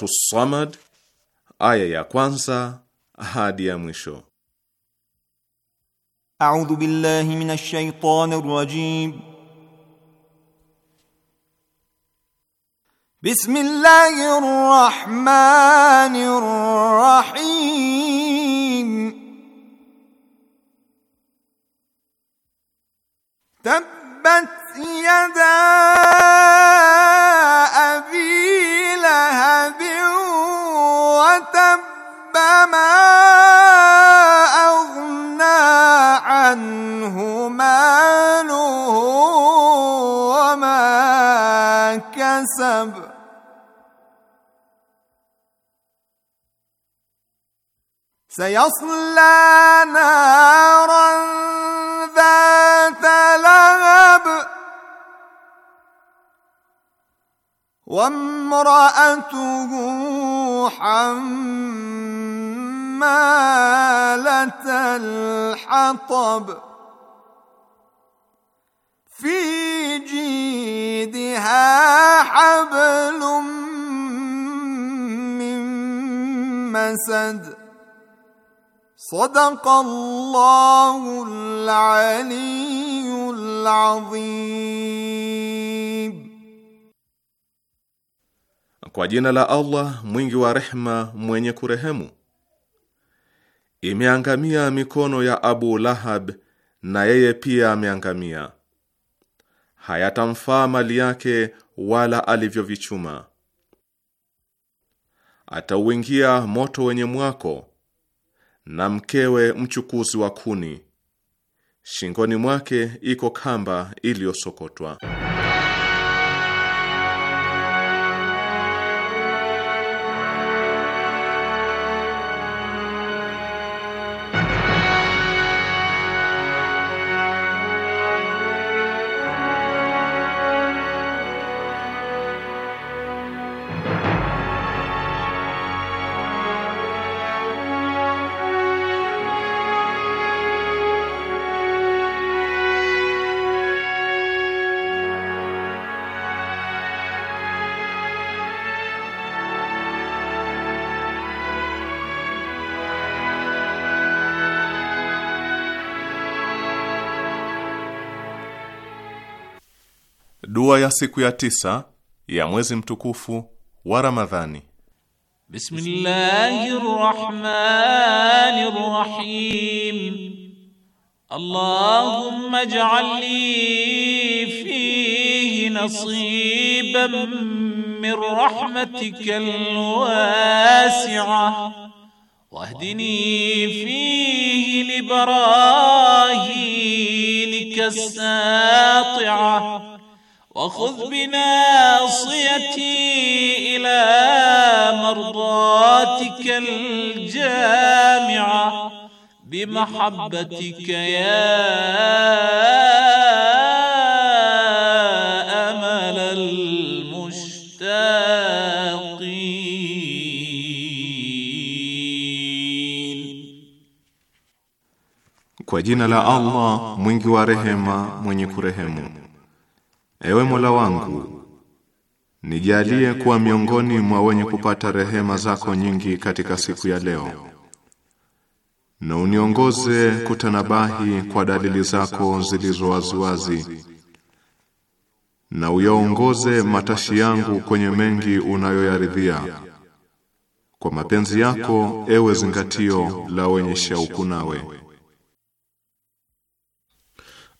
Suratu Samad, aya ya kwanza hadi ya mwisho. A'udhu billahi minash shaitanir rajim. Bismillahir rahmanir rahim. Tabbat yada abi أغنى عنه ماله وما كسب سيصلى نارا ذات لهب وامرأته حمالة الحطب في جيدها حبل من مسد صدق الله العلي العظيم Kwa jina la Allah mwingi wa rehma, mwenye kurehemu. Imeangamia mikono ya Abu Lahab, na yeye pia ameangamia. Hayatamfaa mali yake wala alivyovichuma. Atauingia moto wenye mwako, na mkewe mchukuzi wa kuni. Shingoni mwake iko kamba iliyosokotwa. Dua ya siku ya tisa ya mwezi mtukufu wa Ramadhani. Bismillahir Rahmanir Rahim. Allahumma ij'al fihi nasiban min rahmatikal wasi'ah wahdini fihi لبراهينك الساطعه وخذ بناصيتي إلى مرضاتك الجامعة بمحبتك يا أمل المشتاقين Kwa jina la Allah mwingi wa rehema mwenye kurehemu Ewe Mola wangu, nijalie kuwa miongoni mwa wenye kupata rehema zako nyingi katika siku ya leo, na uniongoze kutanabahi kwa dalili zako zilizo waziwazi, na uyaongoze matashi yangu kwenye mengi unayoyaridhia kwa mapenzi yako, ewe zingatio la wenye shauku nawe.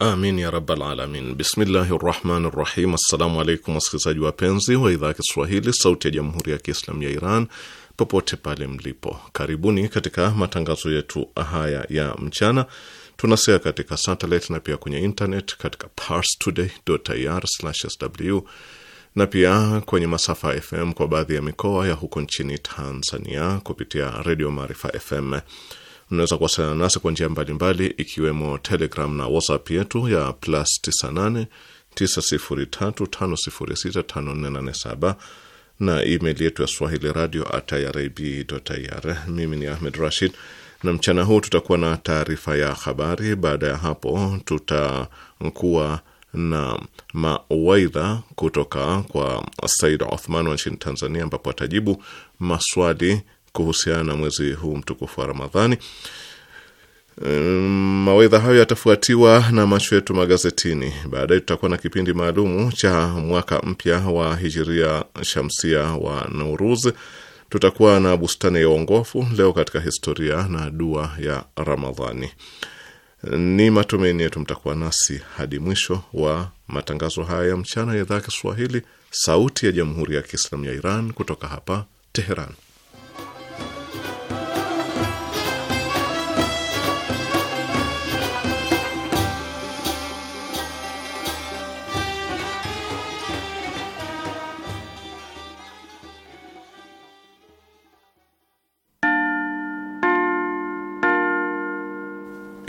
Amin ya rabbal alamin. Bismillahi rahmani rahim. Assalamu alaikum wasikilizaji wapenzi wa idhaa ya Kiswahili sauti ya jamhuri ya Kiislamu ya Iran popote pale mlipo, karibuni katika matangazo yetu haya ya mchana. Tunasea katika satelit na pia kwenye internet katika parstoday.ir/sw na pia kwenye masafa ya FM kwa baadhi ya mikoa ya huko nchini Tanzania kupitia redio Maarifa FM. Mnaweza kuwasiliana nasi kwa njia mbalimbali, ikiwemo Telegram na WhatsApp yetu ya plus 98 na email yetu ya swahili radio at irib.ir. Mimi ni Ahmed Rashid, na mchana huu tutakuwa na taarifa ya habari. Baada ya hapo, tutakuwa na mawaidha kutoka kwa Said Othman wa nchini Tanzania, ambapo atajibu maswali kuhusiana na mwezi huu mtukufu wa Ramadhani. Um, mawaidha hayo yatafuatiwa na macho yetu magazetini. Baadaye tutakuwa na kipindi maalumu cha mwaka mpya wa hijiria shamsia wa Nauruz. Tutakuwa na bustani ya uongofu, leo katika historia na dua ya Ramadhani. Ni matumaini yetu mtakuwa nasi hadi mwisho wa matangazo haya ya mchana ya idhaa ya Kiswahili, Sauti ya Jamhuri ya Kiislamu ya Iran, kutoka hapa Teheran.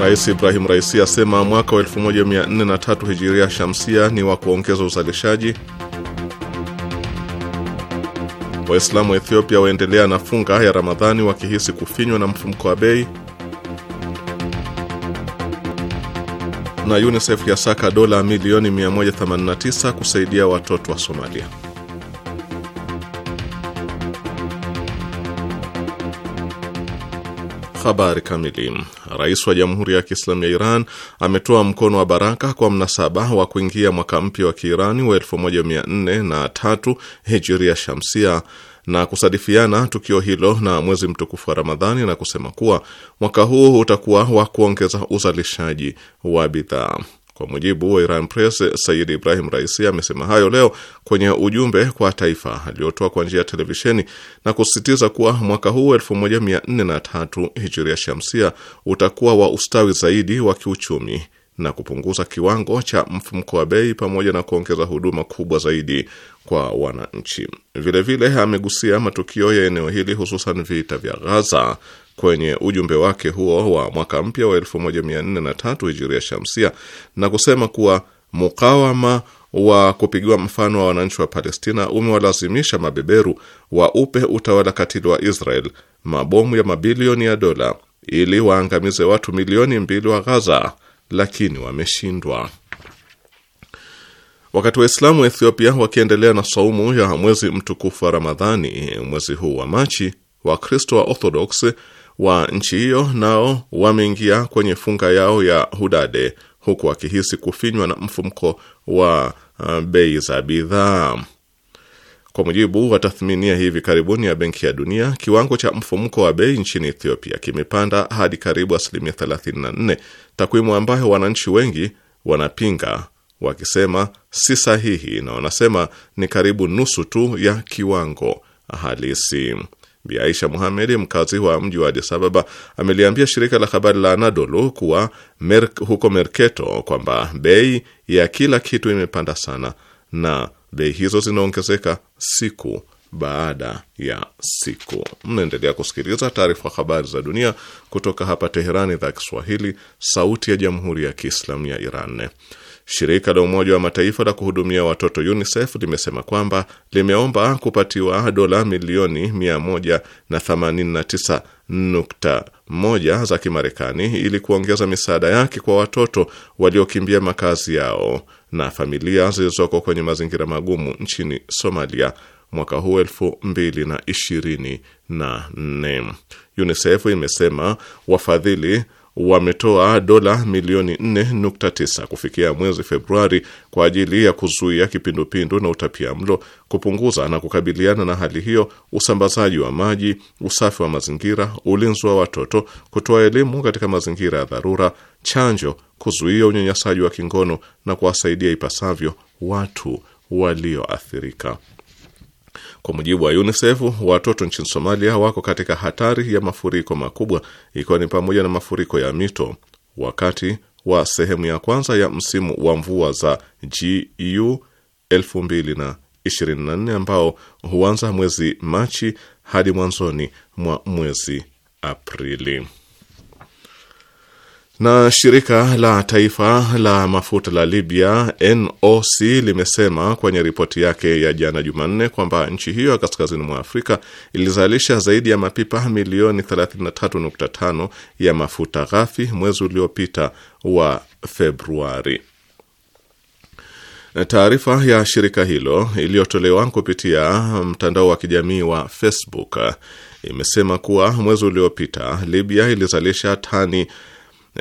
Rais Ibrahim Raisi asema mwaka wa 1403 hijiria shamsia ni wa kuongeza uzalishaji. Waislamu wa Ethiopia waendelea na funga ya Ramadhani wakihisi kufinywa na mfumko wa bei. Na UNICEF yasaka dola milioni 189 kusaidia watoto wa Somalia. Habari kamili. Rais wa Jamhuri ya Kiislamu ya Iran ametoa mkono wa baraka kwa mnasaba wa kuingia mwaka mpya wa Kiirani wa 1403 Hijiria Shamsia na kusadifiana tukio hilo na mwezi mtukufu wa Ramadhani na kusema kuwa mwaka huu utakuwa wa kuongeza uzalishaji wa bidhaa. Kwa mujibu wa Iran Press, Said Ibrahim Raisi amesema hayo leo kwenye ujumbe kwa taifa aliotoa kwa njia ya televisheni na kusisitiza kuwa mwaka huu 1403 hijiria shamsia utakuwa wa ustawi zaidi wa kiuchumi na kupunguza kiwango cha mfumko wa bei pamoja na kuongeza huduma kubwa zaidi kwa wananchi. Vilevile amegusia matukio ya eneo hili hususan vita vya Ghaza kwenye ujumbe wake huo wa mwaka mpya wa 1403 hijiria shamsia na kusema kuwa mukawama wa kupigiwa mfano wa wananchi wa Palestina umewalazimisha mabeberu waupe utawala katili wa Israel mabomu ya mabilioni ya dola ili waangamize watu milioni mbili wa Gaza, lakini wameshindwa. Wakati Waislamu wa Ethiopia wakiendelea na saumu ya mwezi mtukufu wa Ramadhani mwezi huu wa Machi, Wakristo wa Orthodox wa nchi hiyo nao wameingia kwenye funga yao ya hudade huku wakihisi kufinywa na mfumko wa uh, bei za bidhaa. Kwa mujibu wa tathmini ya hivi karibuni ya Benki ya Dunia, kiwango cha mfumko wa bei nchini Ethiopia kimepanda hadi karibu asilimia 34, takwimu ambayo wananchi wengi wanapinga wakisema si sahihi, na wanasema ni karibu nusu tu ya kiwango halisi. Bi Aisha Muhamedi, mkazi wa mji wa Addis Ababa, ameliambia shirika la habari la Anadolu kuwa mer huko Merketo kwamba bei ya kila kitu imepanda sana na bei hizo zinaongezeka siku baada ya siku. Mnaendelea kusikiliza taarifa habari za dunia kutoka hapa Teherani, idhaa Kiswahili, sauti ya jamhuri ya kiislamu ya Iran. Shirika la Umoja wa Mataifa la kuhudumia watoto UNICEF limesema kwamba limeomba kupatiwa dola milioni 189.1 za Kimarekani ili kuongeza misaada yake kwa watoto waliokimbia makazi yao na familia zilizoko kwenye mazingira magumu nchini Somalia mwaka huu nne. UNICEF imesema wafadhili wametoa dola milioni 4.9 kufikia mwezi Februari kwa ajili ya kuzuia kipindupindu na utapia mlo, kupunguza na kukabiliana na hali hiyo, usambazaji wa maji, usafi wa mazingira, ulinzi wa watoto, kutoa elimu katika mazingira ya dharura, chanjo, kuzuia unyanyasaji wa kingono na kuwasaidia ipasavyo watu walioathirika. Kwa mujibu wa UNICEF, watoto nchini Somalia wako katika hatari ya mafuriko makubwa, ikiwa ni pamoja na mafuriko ya mito wakati wa sehemu ya kwanza ya msimu wa mvua za GU 2024 ambao huanza mwezi Machi hadi mwanzoni mwa mwezi Aprili. Na shirika la taifa la mafuta la Libya NOC limesema kwenye ripoti yake ya jana Jumanne kwamba nchi hiyo ya kaskazini mwa Afrika ilizalisha zaidi ya mapipa milioni 33.5 ya mafuta ghafi mwezi uliopita wa Februari. Taarifa ya shirika hilo iliyotolewa kupitia mtandao wa kijamii wa Facebook imesema kuwa mwezi uliopita Libya ilizalisha tani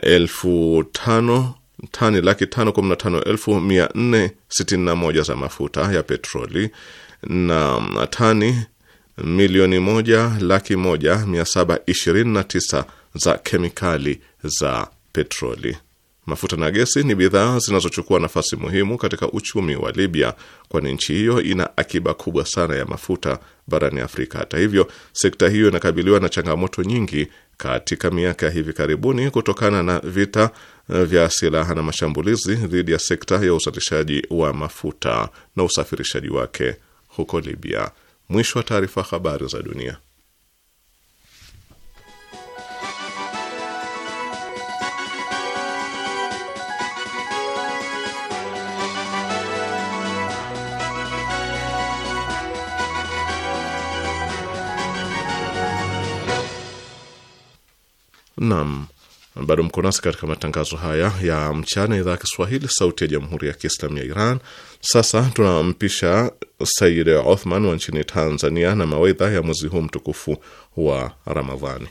elfu tano tani laki tano kumi na tano elfu mia nne sitini na moja za mafuta ya petroli na tani milioni moja laki moja mia saba ishirini na tisa za kemikali za petroli. Mafuta na gesi ni bidhaa zinazochukua nafasi muhimu katika uchumi wa Libya, kwani nchi hiyo ina akiba kubwa sana ya mafuta barani Afrika. Hata hivyo, sekta hiyo inakabiliwa na changamoto nyingi katika miaka ya hivi karibuni kutokana na vita eh, vya silaha na mashambulizi dhidi ya sekta ya uzalishaji wa mafuta na usafirishaji wake huko Libya. Mwisho wa taarifa. Habari za dunia. Naam, bado mko nasi katika matangazo haya ya mchana, idhaa ya Kiswahili, sauti ya jamhuri ya kiislamu ya Iran. Sasa tunampisha Sayid Othman wa nchini Tanzania na mawaidha ya mwezi huu mtukufu wa Ramadhani.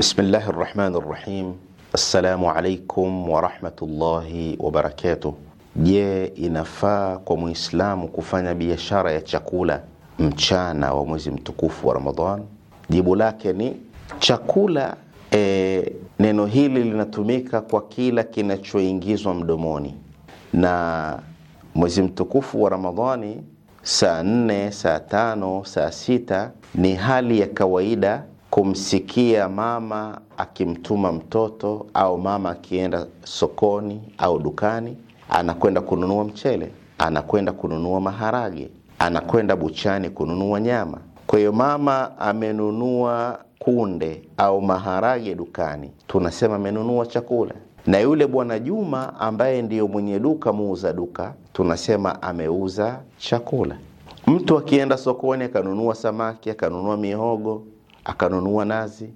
bismillahi rahmani rahim assalamu alaikum warahmatullahi wabarakatuh. Je, inafaa kwa Muislamu kufanya biashara ya chakula mchana wa mwezi mtukufu wa Ramadhan? Jibu lake ni chakula. E, neno hili linatumika kwa kila kinachoingizwa mdomoni, na mwezi mtukufu wa Ramadhani saa nne, saa tano, saa sita ni hali ya kawaida kumsikia mama akimtuma mtoto au mama akienda sokoni au dukani, anakwenda kununua mchele, anakwenda kununua maharage, anakwenda buchani kununua nyama. Kwa hiyo mama amenunua kunde au maharage dukani, tunasema amenunua chakula, na yule bwana Juma ambaye ndiyo mwenye duka, muuza duka, tunasema ameuza chakula. Mtu akienda sokoni akanunua samaki, akanunua mihogo akanunua nazi,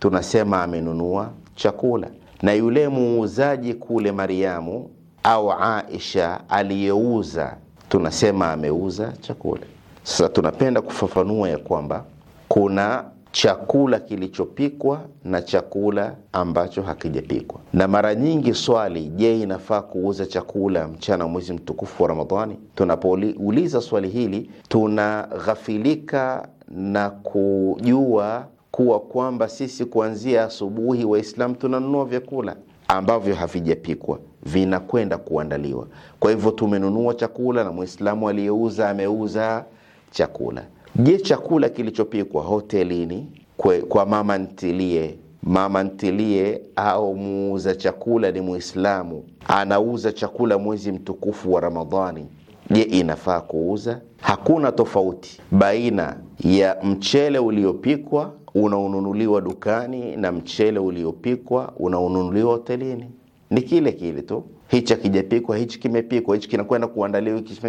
tunasema amenunua chakula. Na yule muuzaji kule Mariamu au Aisha aliyeuza, tunasema ameuza chakula. Sasa tunapenda kufafanua ya kwamba kuna chakula kilichopikwa na chakula ambacho hakijapikwa. Na mara nyingi swali, je, inafaa kuuza chakula mchana wa mwezi mtukufu wa Ramadhani? Tunapouliza swali hili tunaghafilika na kujua kuwa kwamba sisi kuanzia asubuhi Waislamu tunanunua vyakula ambavyo havijapikwa vinakwenda kuandaliwa. Kwa hivyo tumenunua chakula na Mwislamu aliyeuza ameuza chakula. Je, chakula kilichopikwa hotelini kwe, kwa mama ntilie mama ntilie au muuza chakula ni Mwislamu, anauza chakula mwezi mtukufu wa Ramadhani je, inafaa kuuza? Hakuna tofauti baina ya mchele uliopikwa unaonunuliwa dukani na mchele uliopikwa unaonunuliwa hotelini, ni kile kile tu. Hichi akijapikwa hichi kimepikwa, hichi kinakwenda kuandaliwa, hiki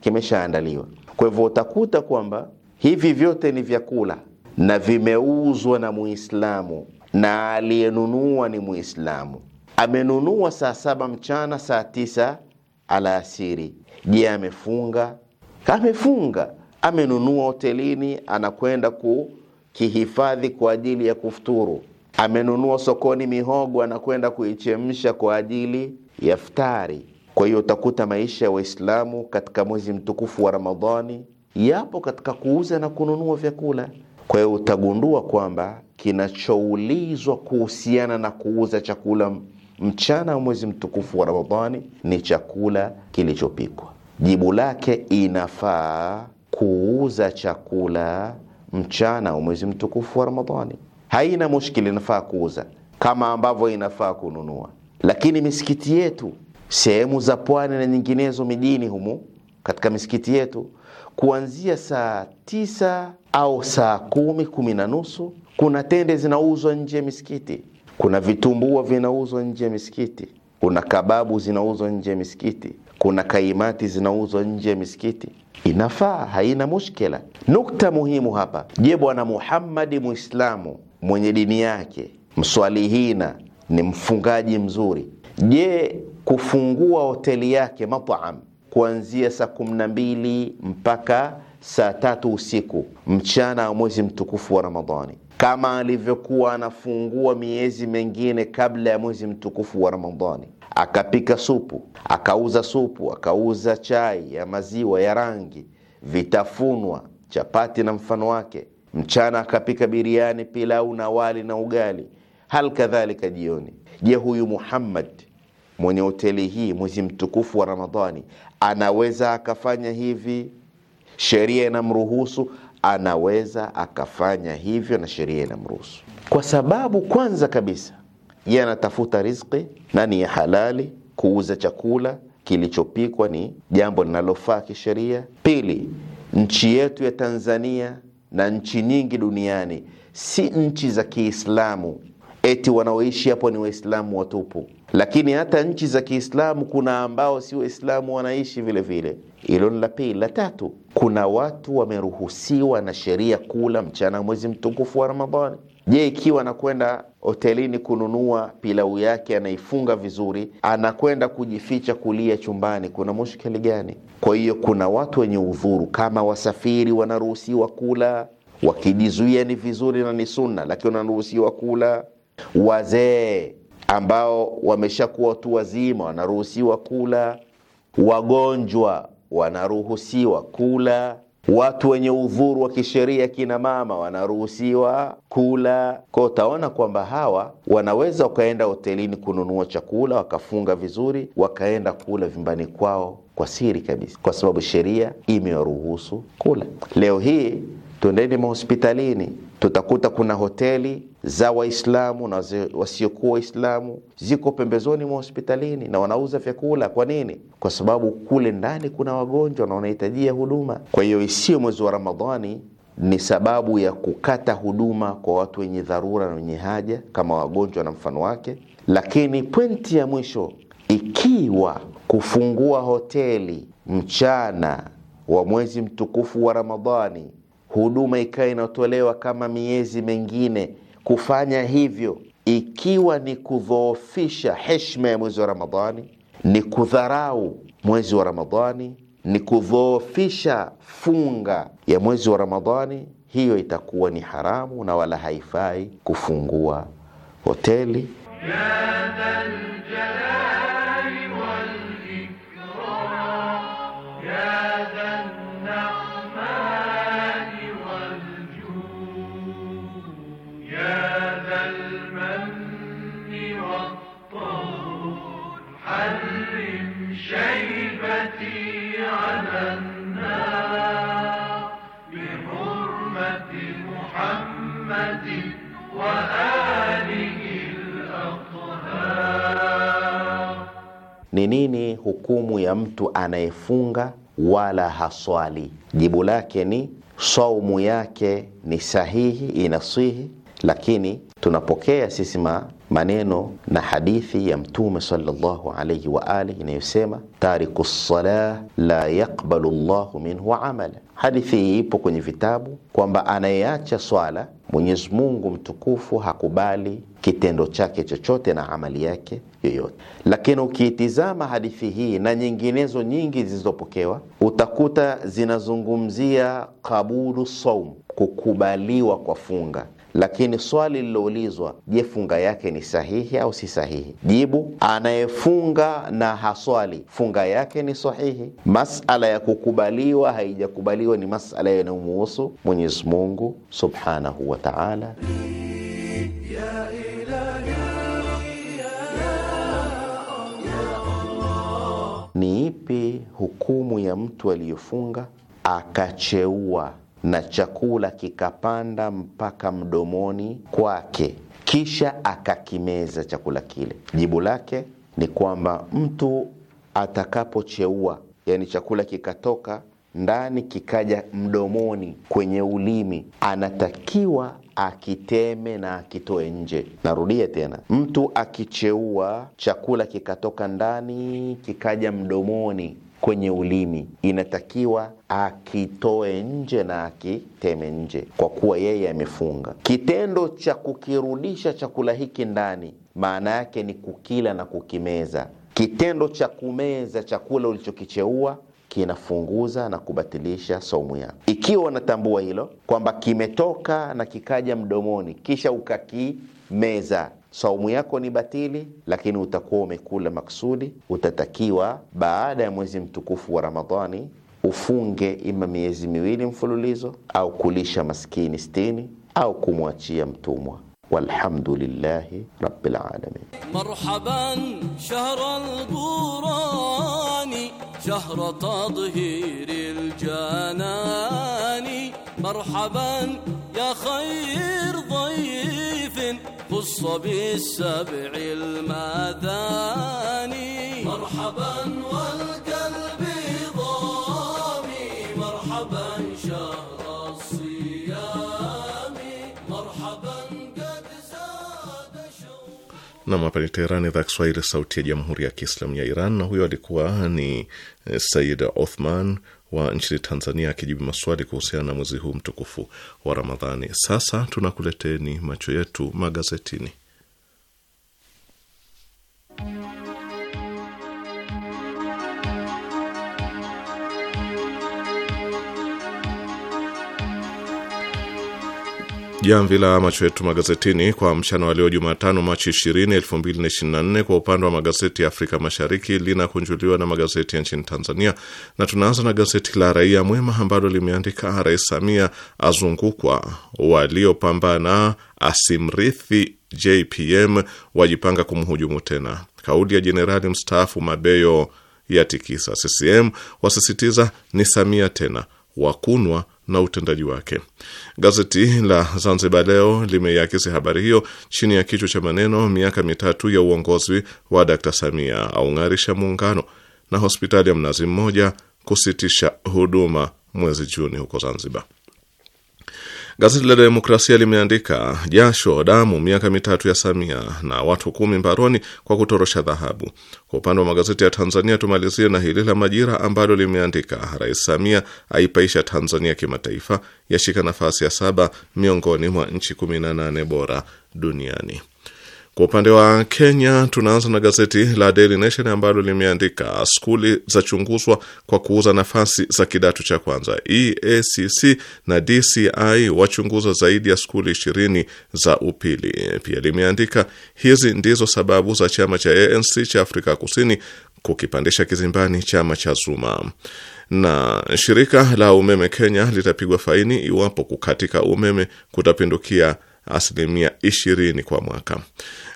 kimeshaandaliwa. Kwa hivyo utakuta kwamba hivi vyote ni vyakula na vimeuzwa na Muislamu na aliyenunua ni Muislamu. Amenunua saa saba mchana, saa tisa alasiri. Je, amefunga? Amefunga, amenunua hotelini, anakwenda kukihifadhi kwa ajili ya kufuturu. Amenunua sokoni mihogo, anakwenda kuichemsha kwa ajili ya futari. Kwa hiyo utakuta maisha ya wa Waislamu katika mwezi mtukufu wa Ramadhani yapo katika kuuza na kununua vyakula. Kwa hiyo utagundua kwamba kinachoulizwa kuhusiana na kuuza chakula mchana wa mwezi mtukufu wa Ramadhani ni chakula kilichopikwa. Jibu lake inafaa kuuza chakula mchana wa mwezi mtukufu wa Ramadhani, haina mushkili, inafaa kuuza kama ambavyo inafaa kununua. Lakini misikiti yetu sehemu za pwani na nyinginezo mijini humu, katika misikiti yetu kuanzia saa tisa au saa kumi kumi na nusu kuna tende zinauzwa nje ya misikiti kuna vitumbua vinauzwa nje ya misikiti, kuna kababu zinauzwa nje ya misikiti, kuna kaimati zinauzwa nje ya misikiti. Inafaa, haina mushkila. Nukta muhimu hapa, je, Bwana Muhammadi Muislamu mwenye dini yake, mswalihina, ni mfungaji mzuri, je kufungua hoteli yake matam kuanzia saa kumi na mbili mpaka saa tatu usiku mchana wa mwezi mtukufu wa Ramadhani kama alivyokuwa anafungua miezi mengine kabla ya mwezi mtukufu wa Ramadhani. Akapika supu, akauza supu, akauza chai ya maziwa ya rangi, vitafunwa, chapati na mfano wake. Mchana akapika biriani, pilau na wali na ugali, hal kadhalika jioni. Je, huyu Muhammad mwenye hoteli hii mwezi mtukufu wa Ramadhani anaweza akafanya hivi? Sheria inamruhusu anaweza akafanya hivyo na sheria inamruhusu, kwa sababu kwanza kabisa yeye anatafuta riziki na ni ya halali. Kuuza chakula kilichopikwa ni jambo linalofaa kisheria. Pili, nchi yetu ya Tanzania na nchi nyingi duniani si nchi za Kiislamu eti wanaoishi hapo ni Waislamu watupu lakini hata nchi za Kiislamu kuna ambao si Waislamu wanaishi vile vile. Hilo ni la pili. La tatu, kuna watu wameruhusiwa na sheria kula mchana mwezi mtukufu wa Ramadhani. Je, ikiwa anakwenda hotelini kununua pilau yake, anaifunga vizuri, anakwenda kujificha kulia chumbani, kuna mushkeli gani? Kwa hiyo kuna watu wenye udhuru kama wasafiri wanaruhusiwa kula, wakijizuia ni vizuri na ni sunna, lakini wanaruhusiwa kula. Wazee ambao wameshakuwa tu wazima wanaruhusiwa kula, wagonjwa wanaruhusiwa kula, watu wenye udhuru wa kisheria, kina mama wanaruhusiwa kula. Kwa utaona kwamba hawa wanaweza wakaenda hotelini kununua chakula, wakafunga vizuri, wakaenda kula vyumbani kwao kwa siri kabisa, kwa sababu sheria imewaruhusu kula. Leo hii tuendeni mahospitalini, tutakuta kuna hoteli za Waislamu na wasiokuwa Waislamu ziko pembezoni mwa hospitalini na wanauza vyakula. Kwa nini? Kwa sababu kule ndani kuna wagonjwa na wanahitajia huduma. Kwa hiyo isiyo mwezi wa Ramadhani ni sababu ya kukata huduma kwa watu wenye dharura na wenye haja kama wagonjwa na mfano wake. Lakini pointi ya mwisho, ikiwa kufungua hoteli mchana wa mwezi mtukufu wa Ramadhani, huduma ikawa inatolewa kama miezi mengine Kufanya hivyo ikiwa ni kudhoofisha heshima ya mwezi wa Ramadhani, ni kudharau mwezi wa Ramadhani, ni kudhoofisha funga ya mwezi wa Ramadhani, hiyo itakuwa ni haramu na wala haifai kufungua hoteli. ni nini hukumu ya mtu anayefunga wala haswali? Jibu lake ni saumu yake ni sahihi, inasihi lakini tunapokea sisi maneno na hadithi ya Mtume sallallahu alayhi wa alihi inayosema tariku salah la yaqbalu llahu minhu amala. Hadithi hii ipo kwenye vitabu kwamba anayeacha swala Mwenyezi Mungu mtukufu hakubali kitendo chake chochote na amali yake yoyote. Lakini ukiitizama hadithi hii na nyinginezo nyingi zilizopokewa, utakuta zinazungumzia kabulu saum, kukubaliwa kwa funga lakini swali liloulizwa, je, funga yake ni sahihi au si sahihi? Jibu, anayefunga na haswali funga yake ni sahihi. Masala ya kukubaliwa haijakubaliwa ni masala yanayomuhusu Mwenyezi Mungu subhanahu wa taala. Ni ipi hukumu ya mtu aliyofunga akacheua na chakula kikapanda mpaka mdomoni kwake, kisha akakimeza chakula kile. Jibu lake ni kwamba mtu atakapocheua, yani chakula kikatoka ndani kikaja mdomoni kwenye ulimi, anatakiwa akiteme na akitoe nje. Narudia tena, mtu akicheua chakula kikatoka ndani kikaja mdomoni kwenye ulimi, inatakiwa akitoe nje na akiteme nje, kwa kuwa yeye amefunga. Kitendo cha kukirudisha chakula hiki ndani, maana yake ni kukila na kukimeza. Kitendo cha kumeza chakula ulichokicheua kinafunguza na kubatilisha saumu yako. Ikiwa unatambua hilo kwamba kimetoka na kikaja mdomoni, kisha ukakimeza saumu yako ni batili, lakini utakuwa umekula maksudi. Utatakiwa baada ya mwezi mtukufu wa Ramadhani ufunge ima miezi miwili mfululizo au kulisha maskini sitini au kumwachia mtumwa. Walhamdulillahi rabbil alamin. Marhaban shahr al-burani shahr tadhhir al-janani marhaban ya khair dhayfin قص السبع المثاني مرحبا والقلب ضامي مرحبا شهر الصيام مرحبا قد زاد شوقي نعم هذا ذاك اذا الصوتي صوتي جمهوريه يا ايران وهو اللي كان سيد عثمان wa nchini Tanzania akijibu maswali kuhusiana na mwezi huu mtukufu wa Ramadhani. Sasa tunakuleteni macho yetu magazetini. Jamvi la macho yetu magazetini kwa mchana wa leo Jumatano, Machi 20, 2024. Kwa upande wa magazeti ya Afrika Mashariki linakunjuliwa na magazeti ya nchini Tanzania, na tunaanza na gazeti la Raia Mwema ambalo limeandika Rais Samia azungukwa, waliopambana asimrithi JPM wajipanga kumhujumu tena. Kauli ya jenerali mstaafu Mabeyo ya tikisa CCM, wasisitiza ni Samia tena, wakunwa na utendaji wake. Gazeti la Zanzibar Leo limeiakisi habari hiyo chini ya kichwa cha maneno, miaka mitatu ya uongozi wa Dr. Samia aung'arisha muungano, na hospitali ya Mnazi Mmoja kusitisha huduma mwezi Juni huko Zanzibar. Gazeti la Demokrasia limeandika jasho damu, miaka mitatu ya Samia na watu kumi mbaroni kwa kutorosha dhahabu. Kwa upande wa magazeti ya Tanzania, tumalizie na hili la Majira ambalo limeandika Rais Samia aipaisha Tanzania kimataifa, yashika nafasi ya saba miongoni mwa nchi 18 bora duniani. Kwa upande wa Kenya tunaanza na gazeti la Daily Nation ambalo limeandika skuli za chunguzwa kwa kuuza nafasi za kidato cha kwanza. EACC na DCI wachunguza zaidi ya skuli ishirini za upili. Pia limeandika hizi ndizo sababu za chama cha ANC cha Afrika Kusini kukipandisha kizimbani chama cha Zuma na shirika la umeme Kenya litapigwa faini iwapo kukatika umeme kutapindukia asilimia ishirini kwa mwaka.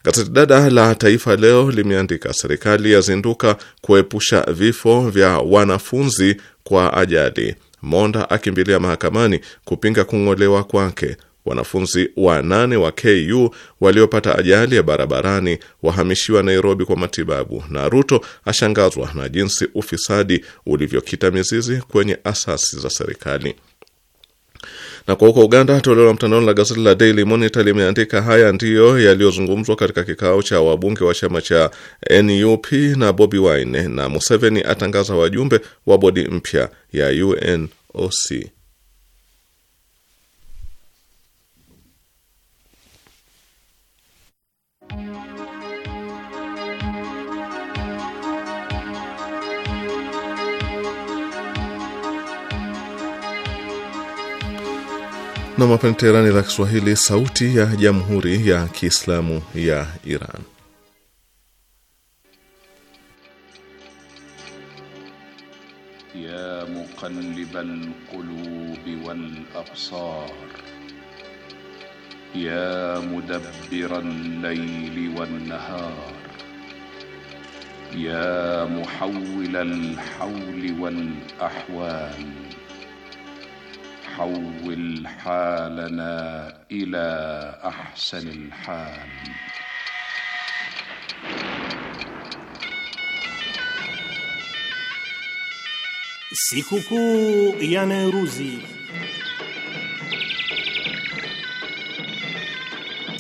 Gazeti dada la Taifa Leo limeandika serikali yazinduka kuepusha vifo vya wanafunzi kwa ajali. Monda akimbilia mahakamani kupinga kung'olewa kwake. Wanafunzi wanane wa KU waliopata ajali ya barabarani wahamishiwa Nairobi kwa matibabu, na Ruto ashangazwa na jinsi ufisadi ulivyokita mizizi kwenye asasi za serikali. Na kwa huko Uganda, toleo la mtandaoni la gazeti la Daily Monitor limeandika haya ndiyo yaliyozungumzwa katika kikao cha wabunge wa chama cha NUP na Bobi Wine, na Museveni atangaza wajumbe wa bodi mpya ya UNOC. na mapene Teherani la Kiswahili, sauti ya jamhuri ya kiislamu ya Iran. Ya muqallibal qulubi wal absar ya mudabbiral layli wan nahar ya muhawwilal hawli wal ahwal وحول حالنا إلى أحسن الحال سيكوكو يا نيروزي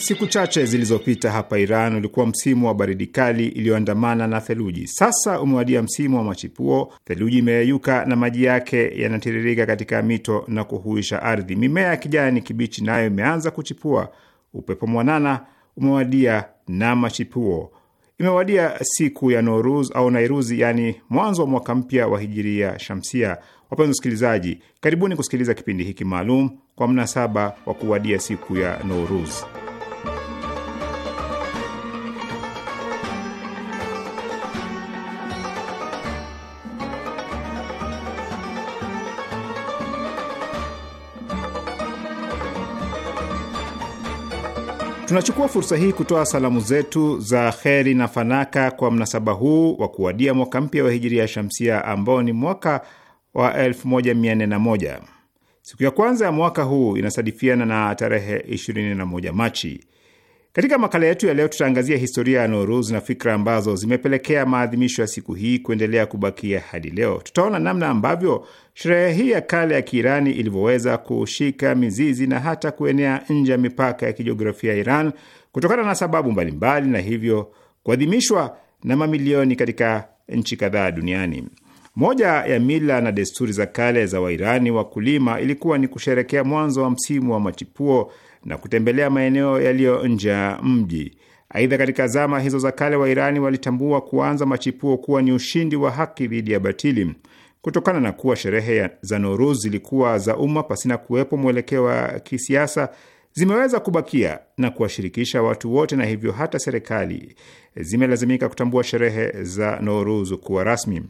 Siku chache zilizopita hapa Iran ulikuwa msimu wa baridi kali iliyoandamana na theluji. Sasa umewadia msimu wa machipuo, theluji imeyeyuka na maji yake yanatiririka katika mito na kuhuisha ardhi. Mimea ya kijani kibichi nayo imeanza kuchipua. Upepo mwanana umewadia na machipuo. Imewadia siku ya Noruz au Nairuzi, yaani mwanzo wa mwaka mpya wa hijiria shamsia. Wapenzi wasikilizaji, karibuni kusikiliza kipindi hiki maalum kwa mnasaba wa kuwadia siku ya Noruz. Tunachukua fursa hii kutoa salamu zetu za kheri na fanaka kwa mnasaba huu wa kuwadia mwaka mpya wa hijiria ya shamsia ambao ni mwaka wa 1401. Siku ya kwanza ya mwaka huu inasadifiana na tarehe 21 Machi. Katika makala yetu ya leo tutaangazia historia ya Noruz na fikra ambazo zimepelekea maadhimisho ya siku hii kuendelea kubakia hadi leo. Tutaona namna ambavyo sherehe hii ya kale ya Kiirani ilivyoweza kushika mizizi na hata kuenea nje ya mipaka ya kijiografia ya Iran kutokana na sababu mbalimbali, na hivyo kuadhimishwa na mamilioni katika nchi kadhaa duniani. Moja ya mila na desturi za kale za Wairani wakulima ilikuwa ni kusherekea mwanzo wa msimu wa machipuo na kutembelea maeneo yaliyo nje ya mji. Aidha, katika zama hizo za kale Wairani walitambua kuanza machipuo kuwa ni ushindi wa haki dhidi ya batili, kutokana na kuwa sherehe za Noruz zilikuwa za umma pasina kuwepo mwelekeo wa kisiasa zimeweza kubakia na kuwashirikisha watu wote, na hivyo hata serikali zimelazimika kutambua sherehe za Noruz kuwa rasmi.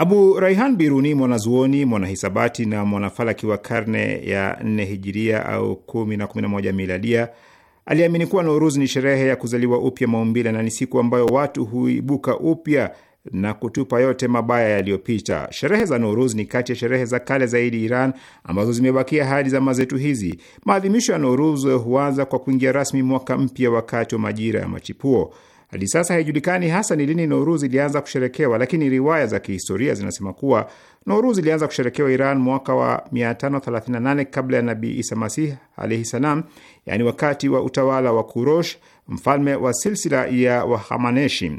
Abu Raihan Biruni, mwanazuoni, mwanahisabati na mwanafalaki wa karne ya nne hijiria au kumi na kumi na moja miladia, aliamini kuwa Nuruz ni sherehe ya kuzaliwa upya maumbile na ni siku ambayo watu huibuka upya na kutupa yote mabaya yaliyopita. Sherehe za Nowruz ni kati ya sherehe za kale zaidi Iran ambazo zimebakia hadi zama zetu hizi. Maadhimisho ya Nowruz huanza kwa kuingia rasmi mwaka mpya wakati wa majira ya machipuo. Hadi sasa haijulikani hasa ni lini Nowruz ilianza kusherekewa, lakini riwaya za kihistoria zinasema kuwa Nowruz ilianza kusherekewa Iran mwaka wa 538 kabla ya Nabii Isa Masih alaihi salam, yaani wakati wa utawala wa Kurosh, mfalme wa silsila ya Wahamaneshi.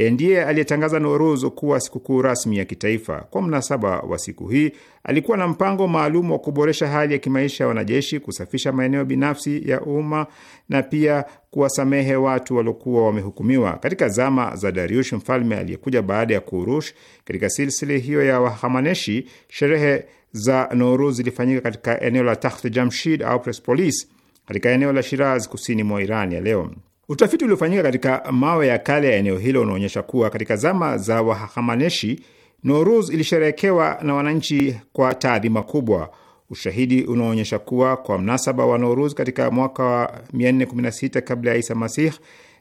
E, ndiye aliyetangaza Nowruz kuwa sikukuu rasmi ya kitaifa. Kwa mnasaba wa siku hii, alikuwa na mpango maalum wa kuboresha hali ya kimaisha ya wanajeshi, kusafisha maeneo binafsi ya umma na pia kuwasamehe watu waliokuwa wamehukumiwa. Katika zama za Dariush, mfalme aliyekuja baada ya Kurush katika silsili hiyo ya Wahamaneshi, sherehe za Nowruz zilifanyika katika eneo la Takht Jamshid au Persepolis katika eneo la Shiraz kusini mwa Iran ya leo. Utafiti uliofanyika katika mawe ya kale ya eneo hilo unaonyesha kuwa katika zama za Wahamaneshi, Noruz ilisherehekewa na wananchi kwa taadhima kubwa. Ushahidi unaoonyesha kuwa kwa mnasaba wa Noruz katika mwaka wa 416 kabla ya Isa Masih,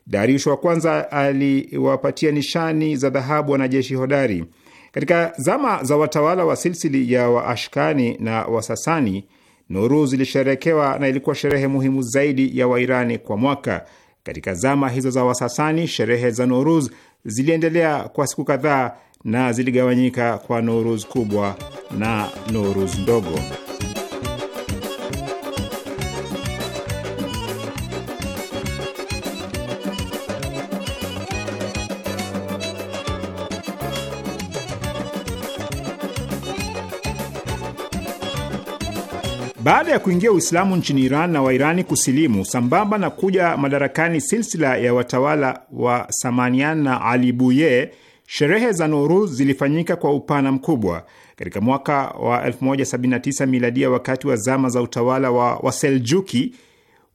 Dariush wa kwanza aliwapatia nishani za dhahabu wanajeshi hodari. Katika zama za watawala wa silsili ya Waashkani na Wasasani, Noruz ilisherehekewa na ilikuwa sherehe muhimu zaidi ya Wairani kwa mwaka. Katika zama hizo za Wasasani, sherehe za Noruz ziliendelea kwa siku kadhaa na ziligawanyika kwa Noruz kubwa na Noruz ndogo. Baada ya kuingia Uislamu nchini Iran na Wairani kusilimu sambamba na kuja madarakani silsila ya watawala wa Samanian na Ali Buye, sherehe za Nowruz zilifanyika kwa upana mkubwa. Katika mwaka wa 1079 miladia, wakati wa zama za utawala wa Waseljuki,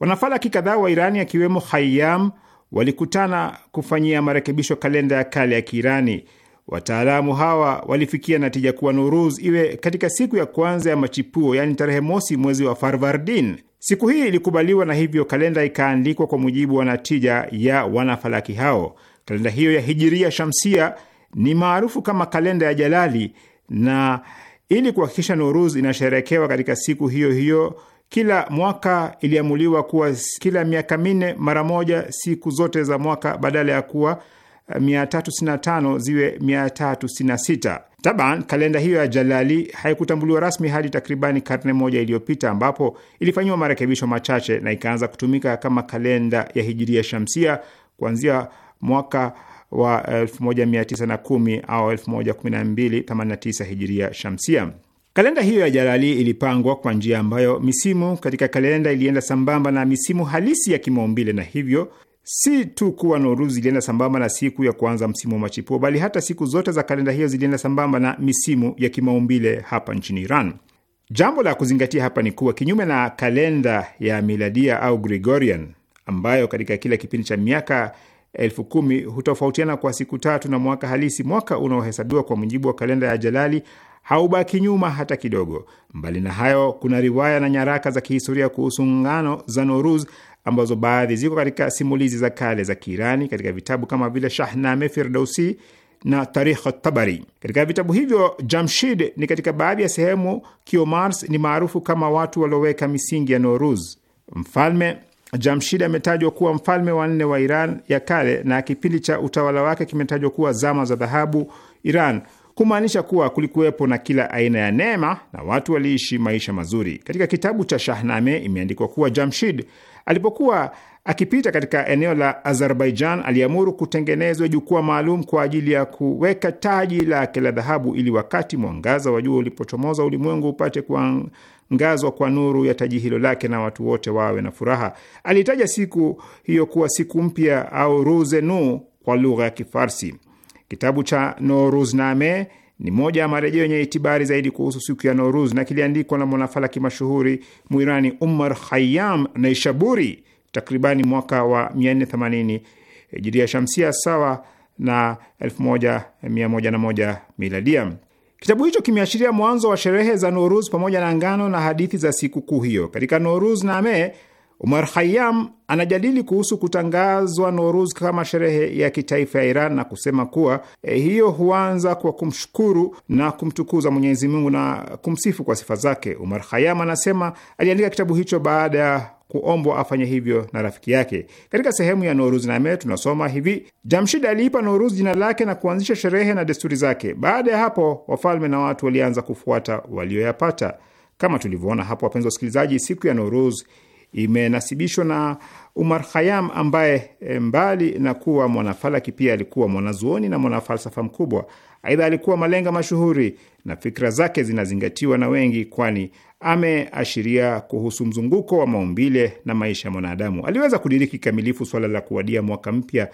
wanafalaki kadhaa wa Irani akiwemo haiyam walikutana kufanyia marekebisho kalenda ya kale ya Kiirani. Wataalamu hawa walifikia natija kuwa Nuruz iwe katika siku ya kwanza ya machipuo, yaani tarehe mosi mwezi wa Farvardin. Siku hii ilikubaliwa na hivyo kalenda ikaandikwa kwa mujibu wa natija ya wanafalaki hao. Kalenda hiyo ya hijiria shamsia ni maarufu kama kalenda ya Jalali, na ili kuhakikisha Nuruz inasherekewa katika siku hiyo hiyo kila mwaka, iliamuliwa kuwa kila miaka minne mara moja siku zote za mwaka badala ya kuwa 365 ziwe 366. Taban, kalenda hiyo ya Jalali haikutambuliwa rasmi hadi takribani karne moja iliyopita, ambapo ilifanyiwa marekebisho machache na ikaanza kutumika kama kalenda ya hijiria shamsia kuanzia mwaka wa 1910 au 1129 hijiria shamsia. Kalenda hiyo ya Jalali ilipangwa kwa njia ambayo misimu katika kalenda ilienda sambamba na misimu halisi ya kimaumbile na hivyo Si tu kuwa Noruz zilienda sambamba na siku ya kuanza msimu wa machipuo, bali hata siku zote za kalenda hiyo zilienda sambamba na misimu ya kimaumbile hapa nchini Iran. Jambo la kuzingatia hapa ni kuwa kinyume na kalenda ya miladia au Gregorian ambayo katika kila kipindi cha miaka elfu kumi hutofautiana kwa siku tatu na mwaka halisi, mwaka unaohesabiwa kwa mujibu wa kalenda ya Jalali haubaki nyuma hata kidogo. Mbali na hayo, kuna riwaya na nyaraka za kihistoria kuhusu ngano za Noruz ambazo baadhi ziko katika simulizi za kale za Kiirani katika vitabu kama vile Shahname Firdausi na Tarikh Tabari. Katika vitabu hivyo, Jamshid ni katika baadhi ya sehemu, Kiomars ni maarufu kama watu walioweka misingi ya Noruz. Mfalme Jamshid ametajwa kuwa mfalme wa nne wa Iran ya kale na kipindi cha utawala wake kimetajwa kuwa zama za dhahabu Iran kumaanisha kuwa kulikuwepo na kila aina ya neema na watu waliishi maisha mazuri. Katika kitabu cha Shahname imeandikwa kuwa Jamshid alipokuwa akipita katika eneo la Azerbaijan aliamuru kutengenezwa jukwaa maalum kwa ajili ya kuweka taji lake la dhahabu, ili wakati mwangaza wa jua ulipochomoza ulimwengu upate kuangazwa kwa nuru ya taji hilo lake na watu wote wawe na furaha. Aliitaja siku hiyo kuwa siku mpya au ruzenu kwa lugha ya Kifarsi. Kitabu cha name ni moja ya marejeo yenye itibari zaidi kuhusu siku ya Noruz na kiliandikwa na mwanafalaki mashuhuri Mwirani Umar hayam Naishaburi takribani mwaka wa 480 Hijiria Shamsia, sawa na 1101 Miladia. Kitabu hicho kimeashiria mwanzo wa sherehe za Noruz pamoja na ngano na hadithi za sikukuu hiyo. Katika Noruz Name Umar Khayyam anajadili kuhusu kutangazwa Noruz kama sherehe ya kitaifa ya Iran na kusema kuwa e, hiyo huanza kwa kumshukuru na kumtukuza Mwenyezi Mungu na kumsifu kwa sifa zake. Umar khayam anasema aliandika kitabu hicho baada ya kuombwa afanye hivyo na rafiki yake. Katika sehemu ya Noruz Name tunasoma hivi: Jamshid aliipa Noruz jina lake na kuanzisha sherehe na desturi zake. Baada ya hapo, wafalme na watu walianza kufuata walioyapata. Kama tulivyoona hapo, wapenzi wasikilizaji, siku ya Noruz imenasibishwa na Umar khayam ambaye e, mbali na kuwa mwanafalaki pia alikuwa mwanazuoni na mwanafalsafa mkubwa. Aidha, alikuwa malenga mashuhuri na fikra zake zinazingatiwa na wengi, kwani ameashiria kuhusu mzunguko wa maumbile na maisha ya mwanadamu. Aliweza kudiriki kikamilifu suala la kuwadia mwaka mpya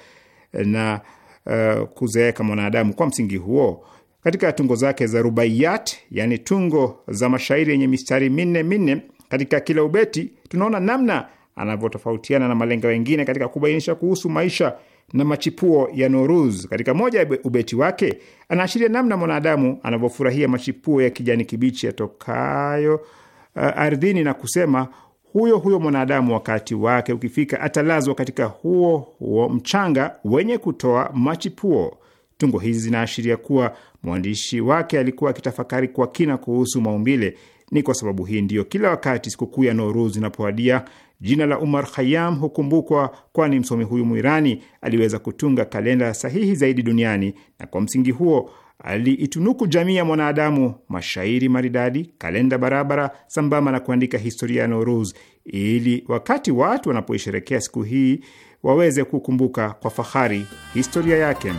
e, na uh, kuzeeka mwanadamu. Kwa msingi huo, katika tungo zake za rubaiyat, yani tungo za mashairi yenye mistari minne minne katika kila ubeti tunaona namna anavyotofautiana na malenga wengine katika kubainisha kuhusu maisha na machipuo ya Noruz. Katika moja ya ubeti wake anaashiria namna mwanadamu anavyofurahia machipuo ya kijani kibichi yatokayo uh, ardhini na kusema, huyo huyo mwanadamu wakati wake ukifika atalazwa katika huo huo mchanga wenye kutoa machipuo. Tungo hizi zinaashiria kuwa mwandishi wake alikuwa akitafakari kwa kina kuhusu maumbile ni kwa sababu hii ndiyo kila wakati sikukuu ya Noruz inapoadia jina la Umar Khayam hukumbukwa, kwani msomi huyu Mwirani aliweza kutunga kalenda sahihi zaidi duniani, na kwa msingi huo aliitunuku jamii ya mwanadamu mashairi maridadi, kalenda barabara, sambamba na kuandika historia ya Noruz ili wakati watu wanapoisherekea siku hii waweze kukumbuka kwa fahari historia yake.